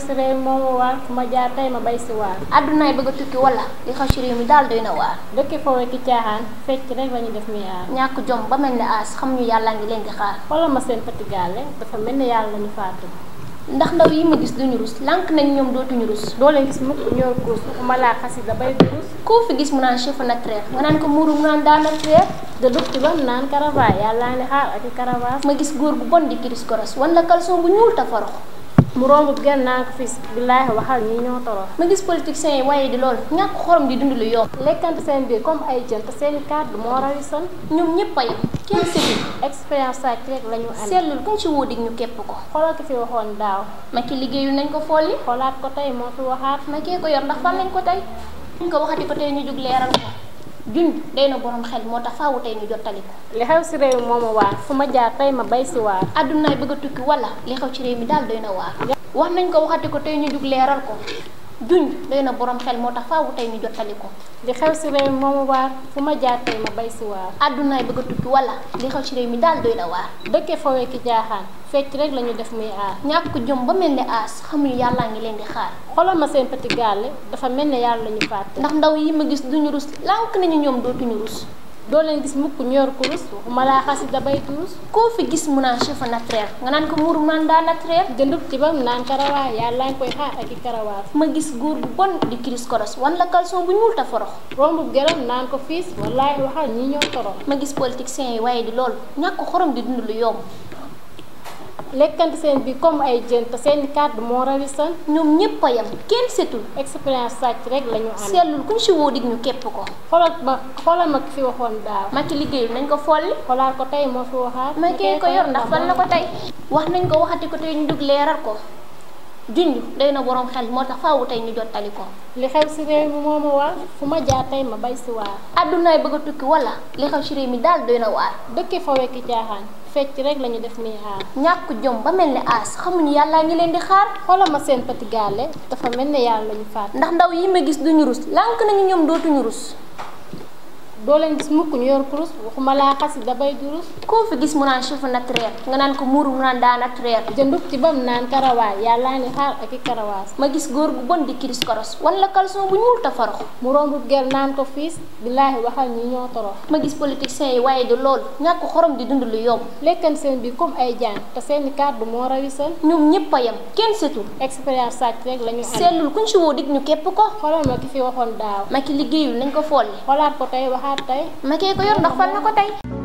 si réew moom ma waar fu ma jaar tey ma bay si waar àddunaay bëgg a tukki wala li xaw si mi daal doy na waar dëkki foowe ki caaxaan fecc rek la def muy ñàkk jom ba mel ni aas xam yàlla ngi leen di xaar wala ma seen patigaale dafa mel ni yàlla lañu faatu ndax ndaw yi ma gis duñu rus lànk nañ ñoom dootuñu rus doo leen gis mukk ñoor kuus ma laa xasida bay du rus koo fi gis mu naan chef naturel nga naan ko muuru mu naan daa naturel da dugti ba naan karava yàlla ne xaar ak i ma gis góor bu bon di kiris koros wan la kalson te farox mu romb genn naa ko fis billaahi waxal ñi ñoo torox ma gis politiciens yi waaye di loolu ñàkk xorom di dund lu yokk lekkante seen biir comme ay jën te seen cadre moo rawi son ñoom ñëpp ay kenn siti expérience ak rek la ñu am seetlul kuñ ci wóodig ñu képp ko xoolal ko fi waxoon daaw ma ki liggéeyu nañ ko folli xoolaat ko tey moo fi waxaat ma kee ko yor ndax fan lañ ko tey ñu ko waxati ko tey ñu jug leeral ko junj day na borom xel moo tax faawu tey ñu jottali ko li xew si moo ma waar ma jaar tey ma bay si waar addunaay bëgg a tukki wala li xew ci réew mi daal doy na waar wax nañ ko waxati ko tey ñu jug leeral ko juñ doy na boroom xel moo tax faawu tey ñu jottali ko. li xew si réew moom moomu waar fu ma jaar tey ma bay si waar. àddunaay bëgg a tukki wala di xew si réew mi daal doy na waar. dëkke fawee ki jaaxaan fecc rek la ñu def muy aar. ñàkk jëm ba mel ni aas xamuñu yàllaa ngi leen di xaar. xoolal ma seen petit galle dafa mel ne yàlla la ñu fàtte. ndax ndaw yi ma gis duñu rus lànk nañu ñoom dootuñu rus. doo leen gis mukk ñu yor kurus waxuma laa xasi da bay kurus koo fi gis mu naan cheveux naturel nga naan ko muur man daa naturel jëndub ci bam naan karawaa yàlla ngi koy xaar ak i karawaas ma gis góor bu bon di kiris koros wan la caleçon bu ñuul ta forox rombub geram naan ko fiis wallaahi waxal ñi ñoo torox ma gis politiciens yi waaye di lool ñàkk xorom di dund lu yomb lekkante seen bi comme ay jën te seen i kàddu moo rawisan ñoom ñëpp a yem kenn setul expérience sàcc rek la ñu am seetlul kuñ si woo dig ñu képp ko xoolal ma xoolal ma ki fi waxoon daaw Macky liggéeyul nañ ko folli xoolaat ko tey moo fi waxaat Macky ko yor ndax fan na ko tey wax nañ ko waxati ko tey ñu dug leeral ko junj day na borom xel moo tax faawu tey ñu jottali ko. li xew si réew mi moo ma waar fu ma jaar tey ma bay si waar. addunaay bëgg a tukki wala li xew si réew mi daal doy na waar. dëkke fawee ki caaxaan fecc rek la ñu def muy xaar. ñàkk jom ba mel ni aas xamuñu yàllaa ngi leen di xaar. xoolal ma seen petit dafa mel ne yàlla la ñu faat. ndax ndaw yi ma gis duñu rus lànq nañu ñoom dootuñu rus. doo leen gis mukk ñu yor kurus waxuma laa xas da bay durus koo fi gis mu naan cheveux naturel nga naan ko muuru mu naan daa naturel jëndub ci bam naan karawaay yàllaa ni xaar ak i karawaas ma gis góor gu bon di kiris koros wan la caleçon bu ñuul te farox mu rombu ger naan ko fiis billaahi waxal ñi ñoo torox ma gis politiciens yi waaye du lool ñàkk xorom di dund lu yomb lekkan seen bi comme ay jaan te seeni kàddu moo rawisal ñoom ñëpp a yem kenn setul expérience sàcc rek la ñu am seetlul si woo képp ko xoolal ma ki fi waxoon ko folli tay. Makikuyong, dakfal na ko tay.